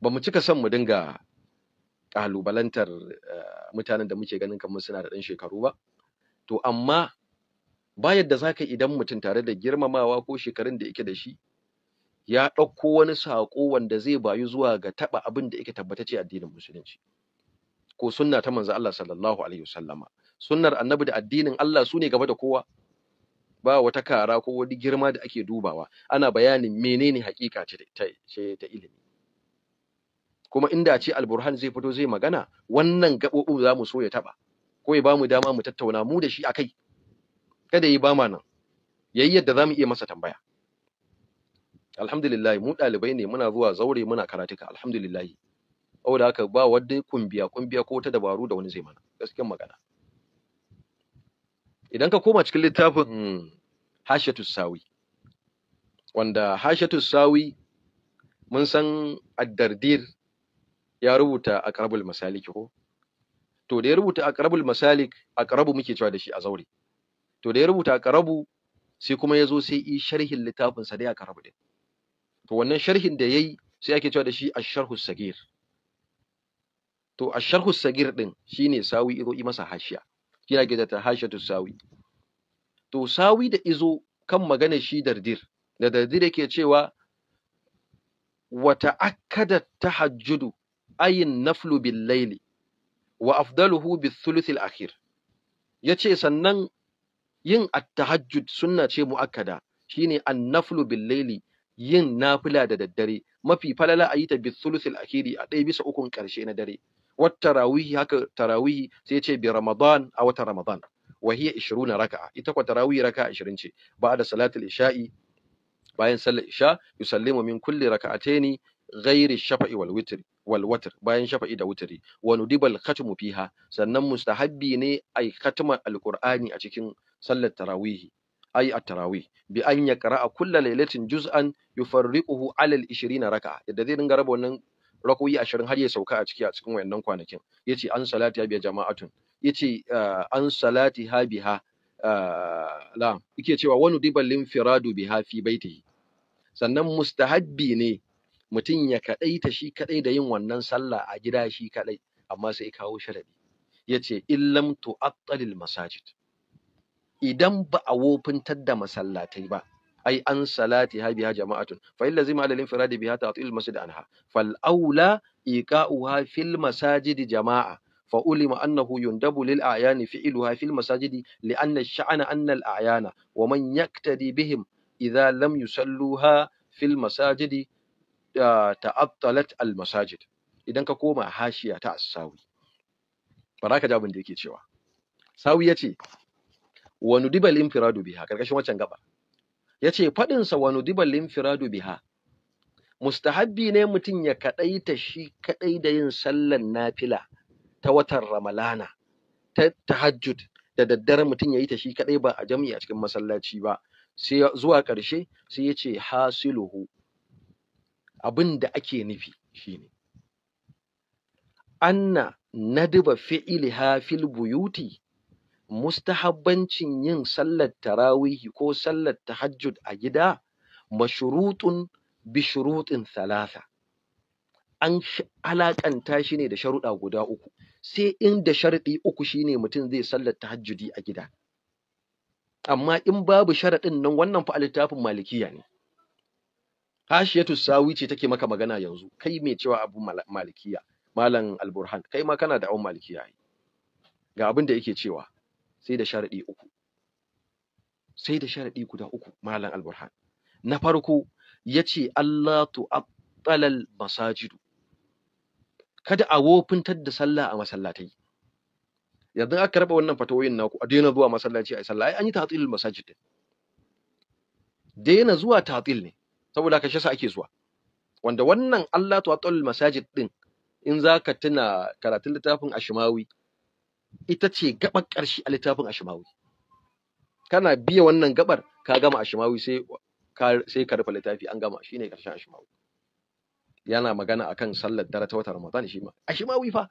ba mu cika son mu dinga ƙalubalantar eh, mutanen da muke ganin kamar suna da ɗan shekaru ba to amma ba yadda za ka idan mutum tare da girmamawa ko shekarun da yake da shi ya ɗauko wani saƙo wanda zai bayu zuwa ga taɓa abin da yake tabbatace addinin musulunci ko sunna ta manzo Allah sallallahu alaihi wasallama sunnar annabi da addinin Allah su ne gaba da kowa ba wata kara ko wani girma da ake dubawa ana bayanin menene hakika ce ta ilimi kuma inda ce alburhan zai fito zai magana wannan gaɓoɓin za mu so ya taɓa ko ya ba mu dama mu tattauna mu da shi a kai kada yi ba ma nan yayi yadda za mu iya masa tambaya alhamdulillah mu ɗalibai ne muna zuwa zaure muna karatuka alhamdulillah saboda haka ba wadda kumbiya kumbiya ko ta dabaru da wani zai mana gaskiyar magana idan ka koma cikin littafin hashatu sawi wanda hashatu sawi mun san addardir ya rubuta a ƙarabul masalik ko to da ya rubuta a aqrabul masalik ƙarabu muke cewa da shi a zaure to da ya rubuta a ƙarabu sai kuma ya zo sai yi sharhin littafin sa da ya ƙarabu din to wannan sharhin da yayi sai ake cewa da shi asharhu sharhu sagir to asharhu sagir din shine sawi izo yi masa hashiya kina ke ta hashatu sawi to sawi da izo kan magana shi dardir da dardir yake cewa wata akkadat tahajjudu ayin naflu bil laili wa afdaluhu bis sulusil akhir yace sannan yin at-tahajjud sunna ce muakkada shine an-naflu bil laili yin nafila da daddare mafi falala a yi ta bis sulusil akhiri a ɗaya bisa ukun ƙarshe na dare wat tarawihi haka tarawihi sai ce bi ramadan a wata ramadan wa hiya 20 raka'a ita kwa tarawih raka'a 20 ce ba da salatul isha'i bayan sallar isha yusallimu min kulli raka'ataini ghairi shafa'i wal witr wal watr bayan shafa'i da wutri wa nudibal khatmu fiha sannan mustahabbi ne ai khatma alqur'ani a cikin sallar tarawih ay at-tarawih bi an yaqra'a kulla lailatin juz'an yufarriquhu 'ala al-20 raka. yadda zai dinga raba wannan rakoyi 20 har ya sauka a ciki a cikin wayannan kwanakin yace an salati biya jama'atun yace ah, an salati ha biha la ah, yake cewa wani diban linfiradu biha fi baitihi sannan mustahabbi ne mutum ya kaɗaita shi kaɗai da yin wannan sallah a gida shi kaɗai amma sai kawo sharadi ya ce illam tu'attalil masajid idan ba a wofintar da masallatai ba ai an salati ha biha jama'atun fa illa zima alal infiradi biha ta'til masjid anha fal aula iqa'uha fil masajid jama'a fa ulima annahu yundabu lil a'yani fi'luha fil masajid li anna shana anna al a'yana wa man yaktadi bihim idha lam yusalluha fil masajid ta'attalat al-masajid idan ka koma hashiya ta asawi ba za ka ji abin da yake cewa sawi yace wa nudibal infiradu biha karkashin wancan gaba yace fadin sa wa nudibal infiradu biha mustahabbi ne mutum ya ta shi kadai da yin sallan nafila ta watan ramalana ta tahajjud da daddare mutum ya yi ta shi kadai ba a jami'a cikin masallaci ba sai zuwa ƙarshe sai ya ce hasiluhu abin da ake nufi shine anna nadiba fi'liha fil buyuti mustahabbancin yin sallar tarawihi ko sallar tahajjud a gida mashrutun bi shurutin thalatha an alakanta shi ne da sharuɗa guda uku sai in da sharaɗi uku shine mutum zai sallar tahajjudi a gida amma in babu sharaɗin nan wannan fa littafin malikiya ne hashiyatu sawi ce take maka magana yanzu kai mai cewa abu malikiya malam alburhan kai ma kana da awon malikiya ga abin da yake cewa sai da sharadi uku sai da sharadi guda uku malam alburhan na farko yace Allah tu'attala al-masajidu kada a wofintar da sallah a masallatai yanzu aka raba wannan fatawoyin naku a daina zuwa masallaci a sallah ai an yi tatil masajid din daina zuwa tatil ne saboda haka shi ake zuwa wanda wannan Allah tuwatul masajid ɗin, in za ka tuna karatun littafin Ashimawi ita ce gabar ƙarshe a littafin Ashimawi kana biya wannan gabar ka gama Ashimawi sai sai ka rufe littafi an gama shine ƙarshen Ashimawi yana magana akan sallar dare ta watan Ramadan shi ma Ashimawi fa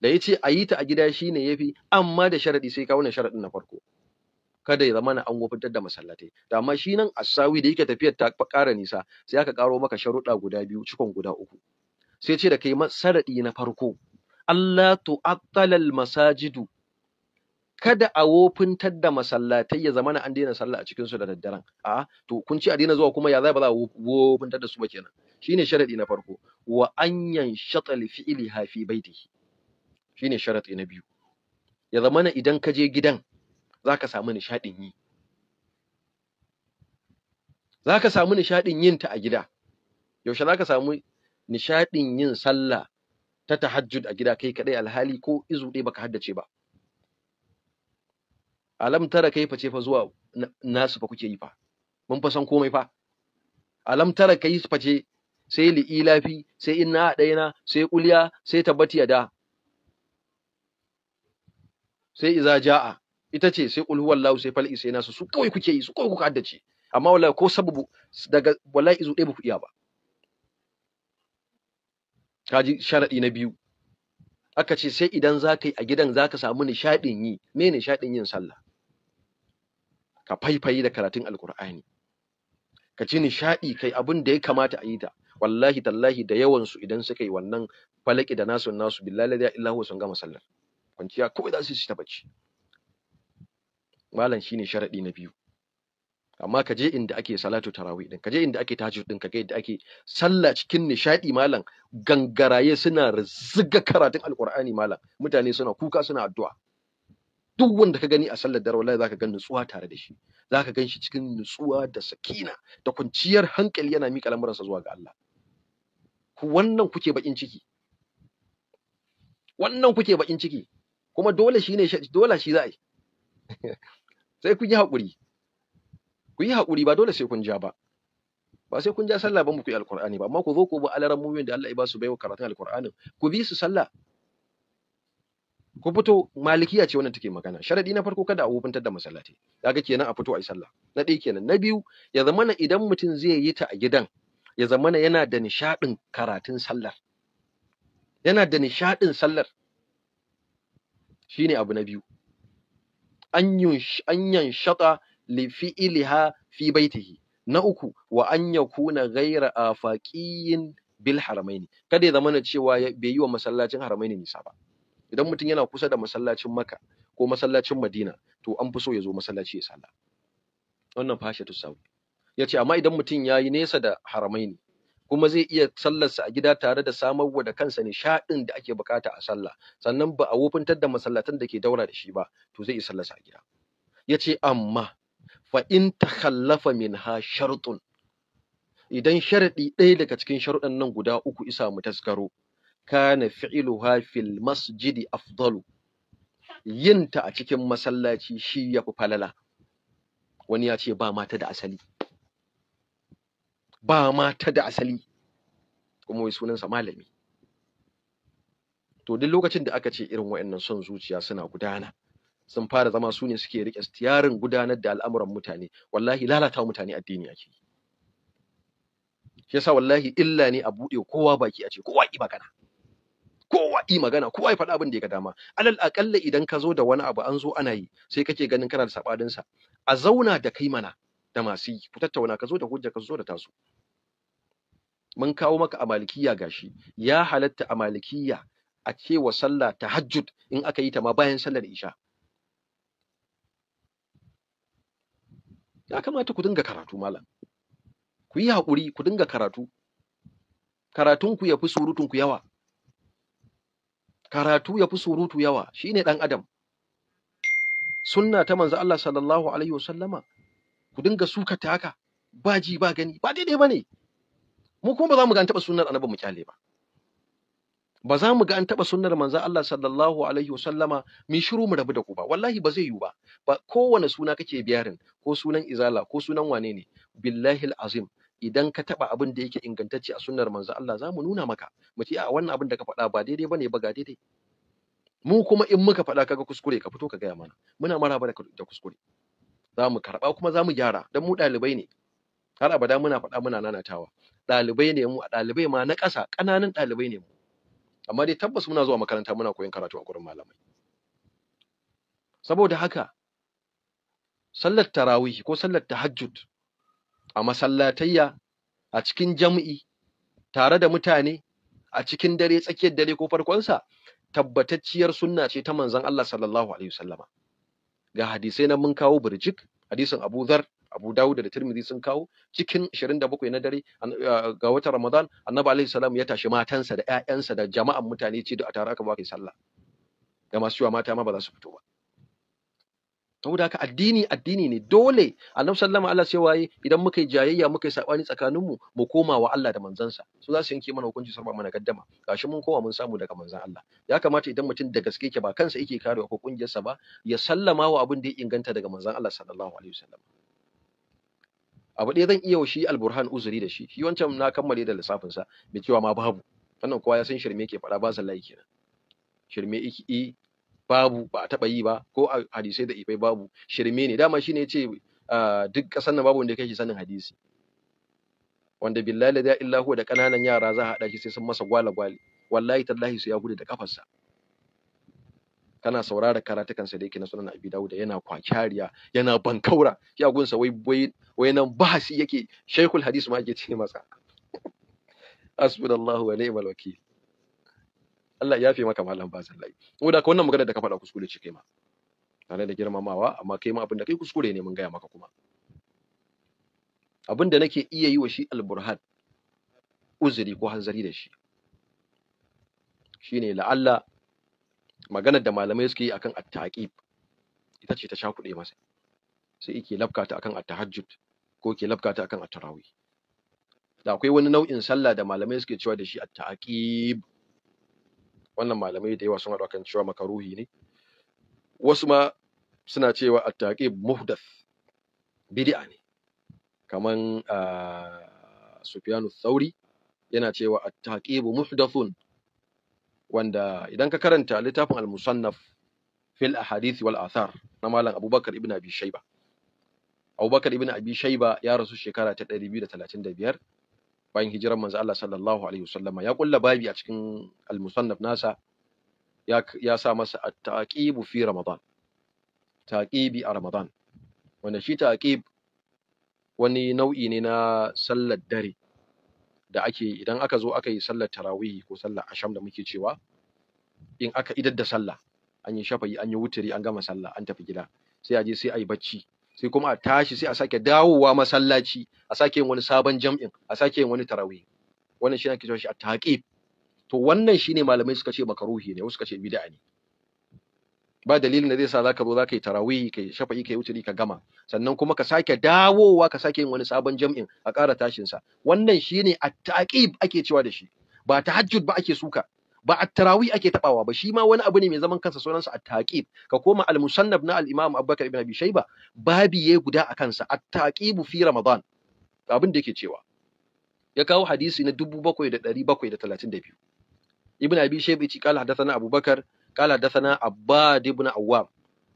da ya ce a yi ta a gida shine yafi amma da sharaɗi, sai ka wannan sharadin na farko kada ya zama na an wofintar da masallatai da amma shi nan asawi da yake tafiyar ta ƙara nisa sai aka ƙaro maka sharuɗa guda biyu cikon guda uku sai ce da kai masaraɗi na farko Allah tu'attalal masajidu kada a wofintar da masallatai ya zama na an daina sallah a cikin su da daddaren a to kun ci a daina zuwa kuma ya za ba za a wofintar da su ba kenan shine sharadi na farko wa anyan shatal fi'liha fi baitihi shine sharadi na biyu ya zama na idan ka je gidan za ka samu nishaɗin yi za samu nishaɗin yin ta a gida yaushe za ka samu nishaɗin yin sallah ta tahajjud a gida kai kaɗai alhali ko izu ɗaya baka haddace ba alam tara kai fa fa zuwa nasu fa kuke yi fa mun fa san komai fa alam tara kai fa ce sai li'ilafi sai inna a daina, sai ƙulya sai tabbati da sai iza ja'a ita ce sai qul huwallahu sai fal'i sai nasu su kawai kuke yi su kawai kuka haddace amma wallahi ko sababu daga wallahi izu ɗaya ba ku iya ba kaji sharadi na biyu aka ce sai idan za yi a gidan zaka ka samu nishaɗin yi me nishaɗin yin sallah ka faifayi da karatun alkur'ani ka ci nishaɗi kai abin da ya kamata a yi ta wallahi tallahi da yawansu idan suka yi wannan falaki da nasu nasu billahi la ilaha sun gama sallar kwanciya kawai za su ci ta bacci malam shine sharadi na biyu amma ka je inda ake salatu tarawih din ka je inda ake tahajjud din ka ga yadda ake sallah cikin nishadi malam gangaraye suna riziga karatun alqur'ani malam mutane suna kuka suna addu'a duk wanda ka gani a sallar dare wallahi zaka ga nutsuwa tare da shi zaka gan shi cikin nutsuwa da sakina da kwanciyar hankali yana miƙa lamuransa zuwa ga Allah wannan kuke bakin ciki wannan kuke bakin ciki kuma dole shi ne dole shi za a yi sai kun yi haƙuri ku yi haƙuri ba dole sai kun ja ba ba sai kun ja sallah ba mu yi alƙur'ani ba amma ku zo ku bi alaran mumin da Allah ya ba su baiwa karatun alƙur'anin ku bi su sallah ku fito malikiya ce wannan take magana sharadi na farko kada a wofintar da masallaci kaga kenan a fito a yi sallah na ɗaya kenan na biyu ya zamana idan mutum zai yi ta a gidan ya zamana yana da nishaɗin karatun sallar yana da nishaɗin sallar shine abu na biyu anyan shaƙa li fi'liha fi baitihi na uku wa an gaira a afaqiyin bil haramaini kada ya zama na cewa bai yi wa masallacin haramaini nisa ba idan mutum yana kusa da masallacin Makka ko masallacin Madina to an fi so ya zo masallaci ya sallah wannan fashatu ya ce amma idan mutum ya yi nesa da haramaini kuma zai iya sallarsa a gida tare da samarwa da kansa nishaɗin da ake bukata a sallah sannan ba a wufuntar da masallatan da ke daura da shi ba to zai iya sallarsa a gida ya ce amma fa in takhallafa minha shartun idan sharaɗi ɗaya daga cikin sharuɗan nan guda uku isa mu taskaro kana fi'iluha fil masjidi afdalu yinta a cikin masallaci shi yafi falala wani ya ce ba mata da asali ba ma ta da asali kuma wai sunansa malami to duk lokacin da aka ce irin waɗannan son zuciya suna gudana sun fara zama su ne suke rike tiyarin gudanar da al'amuran mutane wallahi lalata mutane addini ake shi yasa wallahi illa ne a buɗe kowa baki a ce kowa yi magana kowa yi magana kowa yi faɗa abin da ya dama alal aƙalla idan ka zo da wani abu an zo ana yi sai kake ganin kana da sa a zauna da kai mana da masu yi ku tattauna ka zo da hujja ka zo da tasu mun kawo maka amalikiya malikiya gashi ya halatta a malikiya a cewa sallah tahajjud in aka yi ta ma bayan sallar isha ya kamata ku dinga karatu malam ku yi haƙuri ku dinga karatu karatunku ya fi surutunku yawa karatu ya fi surutu yawa shine ɗan adam sunna ta manzo Allah sallallahu alaihi wasallama ku dinga suka ta haka baji ba gani ba daidai ba ne mu kuma ba za mu ga an taɓa sunnar annabi mu kyale ba ba za mu ga an taɓa sunnar manzo Allah sallallahu alaihi wasallama mu shiru mu rabu da ku ba wallahi ba zai yiwu ba ba kowane suna kake biyarin ko sunan izala ko sunan wane ne billahi azim idan ka taɓa abin da yake ingantacce a sunnar manzo Allah za mu nuna maka mu ce a wannan abin da ka faɗa ba daidai bane ba ga daidai mu kuma in muka faɗa kaga kuskure ka fito ka gaya mana muna maraba da kuskure za mu karɓa kuma za mu gyara dan mu ɗalibai ne har abada muna faɗa muna nanatawa ɗalibai ne mu a ɗalibai ma na ƙasa ƙananan ɗalibai ne mu amma dai tabbas muna zuwa makaranta muna koyon karatu a gurin malamai saboda haka sallar tarawih ko sallar tahajjud a masallatayya a cikin jam'i tare da mutane a cikin dare tsakiyar dare ko farkonsa tabbatacciyar sunna ce ta manzon Allah sallallahu alaihi wasallama ga hadisai na mun kawo burjik hadisin Abu Dharr Abu Dawud da Tirmidhi sun kawo cikin 27 na dare ga watan Ramadan Annabi alaihi salam ya tashi matansa da ƴaƴansa da jama'an mutane ce da a tare aka ba kai sallah da masu yawa mata ma ba za su fito ba saboda haka addini addini ne dole annabi sallama Allah sai waye idan muka yi jayayya muka yi sabani tsakaninmu mu koma wa Allah da manzansa su za su yanke mana hukunci su mana gaddama gashi mun koma mun samu daga manzan Allah ya kamata idan mutum da gaske ke ba kansa yake karewa ko kungiyarsa ba ya sallama wa abin da ya inganta daga manzan Allah sallallahu alaihi wasallam abu ɗaya zan iya shi alburhan uzuri da shi shi wancan na kammale da lissafin sa mai cewa ma babu wannan kowa ya san shirme ke faɗa ba sa layi kenan shirme iki babu ba a taɓa yi ba ko a hadisai da ifai babu shirme ne dama shine ce ah, duk ƙasar nan babu wanda kai shi sanin hadisi wanda billahi la ilaha illa da ƙananan yara za a haɗa shi sai sun masa gwale-gwale wallahi tallahi su ya gudu da kafarsa kana saurara karatukan sa da yake na sunan abi dawud yana kwakyariya yana bankaura ya gunsa wai wai wai nan bahasi yake Sheikhul hadis ma yake ce masa hasbunallahu wa ni'mal wakil Allah ya fi maka malam bazan lai ko da wannan magana da ka faɗa kuskure ce kai ma tare da girmamawa amma kai ma abin da kai kuskure ne mun gaya maka kuma abin da nake iya yi wa shi alburhan uzuri ko hanzari da shi shine la'alla maganar da malamai suke yi akan at-taqib ita ce ta sha kuɗe masa sai yake lafkata akan at-tahajjud ko ke labkata akan at-tarawih da akwai wani nau'in sallah da malamai suke cewa da shi at-taqib wannan malamai da yawa sun haɗu akan cewa makaruhi ne wasu ma suna cewa at-taqib muhdath bid'a ne kaman ah, Sufyanu Thauri yana cewa at taqib muhdathun wanda idan ka karanta littafin al-musannaf fil ahadith wal athar na malam abubakar ibn abi shayba abubakar ibn abi shayba ya rasu shekara ta 235 bayan hijiran manzo Allah sallallahu alaihi wasallama ya kulla babi a cikin al-musannaf nasa ya ya sa masa at-taqibu fi ramadan taqibi a ramadan wanda shi taqib wani nau'i ne na sallar dare da ake idan aka zo aka yi sallar tarawihi ko sallar asham da muke cewa in aka idar da sallah an yi shafayi an yi wuturi an gama sallah an tafi gida sai a je sai a yi bacci sai kuma a tashi sai a sake dawowa masallaci a sake yin wani sabon jam'in a sake yin wani tarawih wannan shi ake cewa shi at-taqib to wannan shine malamai suka ce makaruhi ne wasu suka ce bid'a ne ba dalilin da zai sa zaka zo zaka yi tarawih kai shafa'i kai wuturi ka gama sannan kuma ka sake dawowa ka sake yin wani sabon jam'in a ƙara tashin sa wannan shine at-taqib ake cewa da shi ba tahajjud ba ake suka ba at-tarawih ake tabawa ba shi ma wani abu ne mai zaman kansa sunansa at-taqib ka koma al-musannaf na al-imam Abubakar ibn Abi Shayba babi ya guda a kansa at-taqib fi ramadan abin da yake cewa ya kawo hadisi na 7732 ibn Abi Shayba ya ce qala hadathana Abubakar qala dathana abbad ibn awwam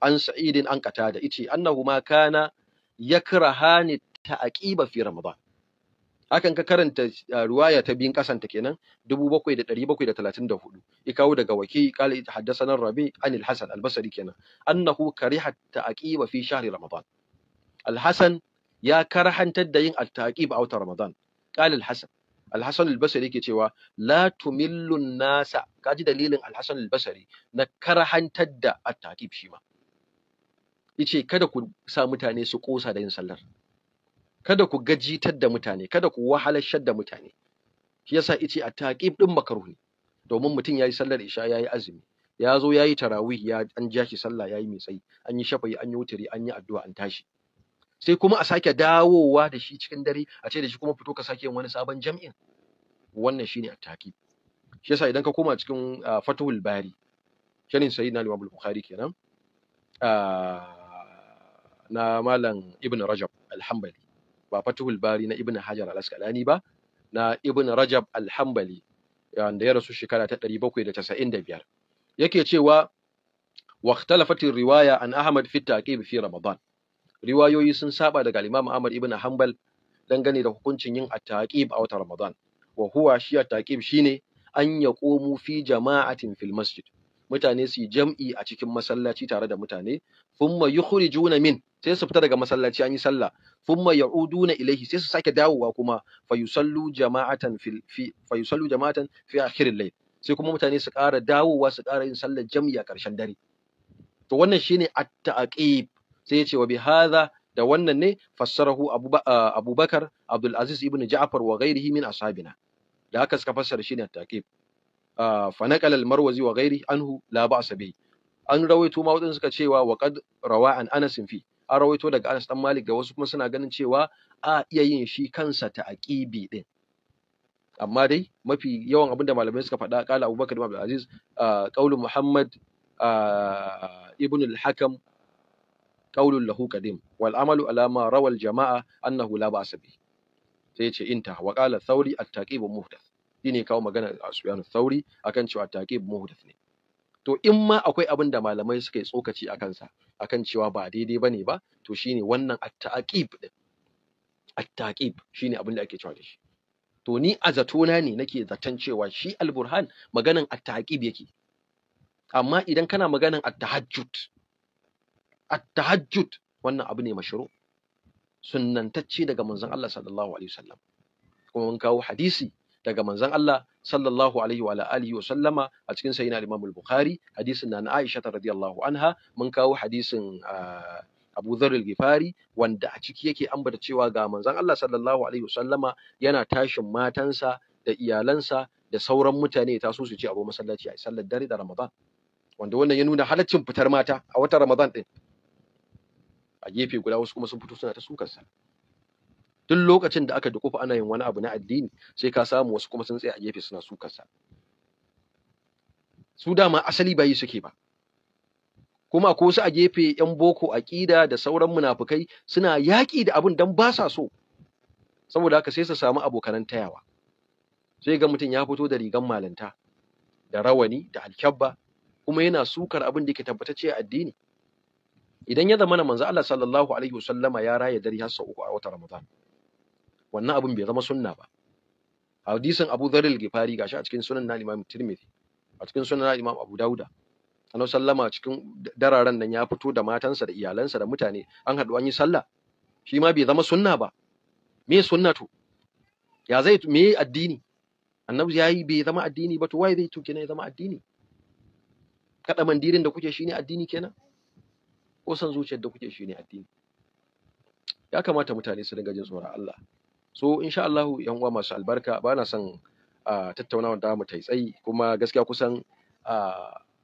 an sa'idin an qatada ice annahu ma kana yakrahani ta'aqiba fi ramadan hakan ka karanta ruwaya ta biyun kasanta kenan 7734 ikawo daga waki qala haddathana rabi anil hasan albasri kenan annahu kariha ta'aqiba fi shahri ramadan alhasan ya karhantar da yin at-ta'qib watan ramadan qala alhasan al al-Basri yake cewa la tumillun nasa ji dalilin al al-Basri na karhantar da at-taqib shi ma yace kada ku sa mutane su kosa da yin sallar kada ku gajitar da mutane kada ku wahalashar da mutane shi yasa yace at-taqib din makruhi domin mutum yayi sallar isha yayi azumi ya zo yayi tarawih ya an ja shi sallah yayi mai tsayi an yi shafa'i an yi wuturi an yi addu'a an tashi sai kuma a sake dawowa da shi cikin dare a ce da shi kuma fito ka sake wani sabon jam'in wannan shine at shi yasa idan ka koma cikin ah, Fathul Bari shanin sayyidina limamul Bukhari kenan ah, na malam Ibn Rajab al ba fatuhul Bari na Ibn Hajar al-Asqalani ba na Ibn Rajab alhambali hanbali wanda ya rasu shekara ta 795 yake cewa واختلفت الرواية عن أحمد في التعقيب في رمضان riwayoyi sun saba daga Imam Ahmad ibn Hanbal dangane da hukuncin yin at a watan Ramadan wa huwa shi at-taqib shine an yaqumu fi jama'atin fil masjid mutane su yi jam'i a cikin masallaci tare da mutane thumma yukhrijuna min sai su fita daga masallaci an yi sallah thumma ya'uduna ilaihi sai su sake dawowa kuma fayusallu jama'atan fil fi fayusallu jama'atan fi al layl sai kuma mutane su ƙara dawowa su ƙara yin sallar jam'i a ƙarshen dare to wannan shine at-taqib sai ya ce wa bi hadha da wannan ne fassarahu abubakar abdul ibn ja'far wa ghairihi min ashabina da haka suka fassara shi ne takib fa naqala al marwazi wa ghairi anhu la ba'sa bihi an rawaito ma wadanda suka cewa wa qad rawa an anas fi an rawaito daga anas dan malik ga wasu kuma suna ganin cewa a iya yin shi kansa taqibi din amma dai mafi yawan abinda malamai suka faɗa kala abubakar ibn abdul aziz qaulu muhammad ibn al hakam qaulun lahu Kadim, wal amalu ala ma jama'a annahu la ba'sa bi sai ya ce inta wa sauri thawri kawo magana a suyan sauri akan cewa taqib muhdath ne to in ma akwai abin da malamai suka yi tsokaci a kansa akan cewa ba daidai bane ba to shine wannan at-taqib din at-taqib shine abin da ake cewa da shi to ni a zatona ne nake zaton cewa shi al-burhan maganan at-taqib yake amma idan kana maganan at-tahajjud at wannan abu ne mashru sunnantacce daga manzon Allah sallallahu kuma mun kawo hadisi daga manzon Allah sallallahu a cikin sayyidina Imam al-Bukhari hadisin na Aisha radiyallahu mun kawo hadisin ah, Abu Dharr wanda a ciki yake ambata cewa ga manzon Allah sallallahu yana tashin matansa da iyalansa da sauran mutane ta so su ce abu masallaci a sallar dare da Ramadan wanda wannan ya nuna halaccin fitar mata a watan Ramadan din a gefe guda wasu kuma sun fito suna ta sukar sa. duk lokacin da aka dukufa ana yin wani abu na addini sai ka samu wasu kuma sun tsaya a gefe suna sukar sa. su dama asali ba yi suke ba kuma ko su a gefe yan boko aƙida da sauran munafukai suna yaki da abun dan ba sa so saboda haka sai su samu abokanan tayawa sai ga mutum ya fito da rigan malanta da rawani da alkyabba kuma yana sukar abin da yake tabbatacce a addini idan ya zama manzo Allah sallallahu alaihi wasallama ya raya dare har sau uku a watan Ramadan wannan abin bai zama sunna ba hadisin Abu Dharr al-Ghifari gashi a cikin sunan na Imam Tirmidhi a cikin sunan na Imam Abu dauda annabi sallama cikin dararen nan ya fito da matansa da iyalansa da mutane an haɗu an yi sallah shi ma bai zama sunna ba me sunna to ya zai me addini annabi ya yi bai zama addini ba to wai zai to kenan ya zama addini kada mandirin da kuke shine addini kenan ko san zuciyar da kuke shi ne addini ya kamata mutane su dinga jin tsoron Allah so insha Allah yan uwa masu albarka ba na son a tattaunawa da mu tai tsayi kuma gaskiya kusan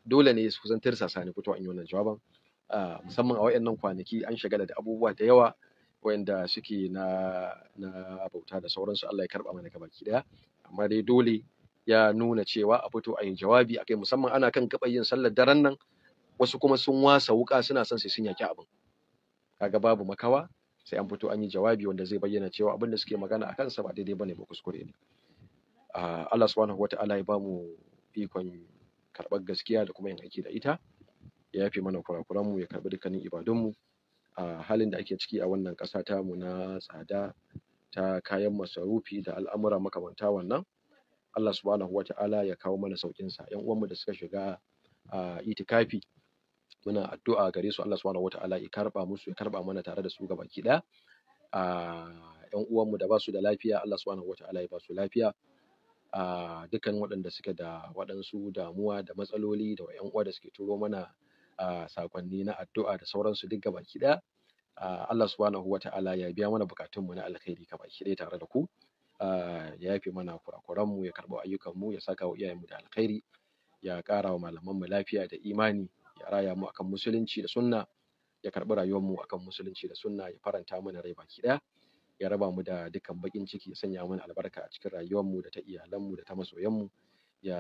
dole ne su kusan Sani ne fito an yi wannan jawaban musamman a wayannan kwanaki an shagala da abubuwa da yawa wayanda suke na na bauta da sauransu Allah ya karba mana gabaki daya amma dai dole ya nuna cewa a fito a yi jawabi akai musamman ana kan gaba yin sallar daren nan wasu kuma sun wasa wuka suna son sai sun yaki abin kaga babu makawa sai an fito an yi jawabi wanda zai bayyana cewa abin da suke magana akan sa ba daidai bane ba kuskure ne ah, Allah subhanahu wata'ala ya bamu ikon karɓar gaskiya da kuma yin aiki da ita ya yafe mana kurakuran mu ya karɓi dukkanin ibadun mu a halin da ake ciki a wannan ƙasa ta mu na tsada ta kayan masarufi da al'amura makamanta wannan Allah subhanahu wata'ala ya kawo mana saukin sa ƴan uwan mu da suka shiga a ah, itikafi muna addu'a gare su Allah subhanahu wataala ya karɓa musu ya karɓa mana tare da su ki da a ƴan mu da ba da lafiya Allah subhanahu wataala ya ba lafiya a dukkan waɗanda suke da waɗansu damuwa da matsaloli da ƴan uwa da suke turo mana a sakonni na addu'a da sauransu duk gaba ɗaya Allah subhanahu wataala ya biya mana bukatun mu na alkhairi ki ɗaya tare da ku ya yafe mana kurakuranmu ya ayyukan mu ya saka wa iyayen mu da alkhairi ya ƙara wa mu lafiya da imani ya raya mu akan musulunci da sunna ya karbi rayuwar mu akan musulunci da sunna ya faranta mana rai baki ɗaya ya raba mu da dukkan bakin ciki ya sanya mana albarka a cikin rayuwar mu da ta iyalan mu da ta masoyan mu ya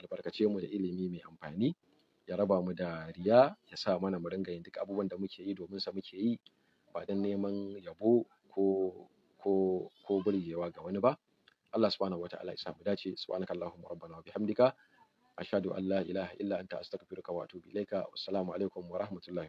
albarkace mu da ilimi mai amfani ya raba mu da riya ya sa mana mu ringa yin duk abubuwan da muke yi domin sa muke yi ba dan neman yabo ko ko ko burgewa ga wani ba Allah subhanahu wataala ya sa mu dace subhanakallahumma rabbana wa bihamdika ashhadu Allah, la ilaha illa anta astaghfiruka wa atubu ilaika wassalamu alaikum wa rahmatullahi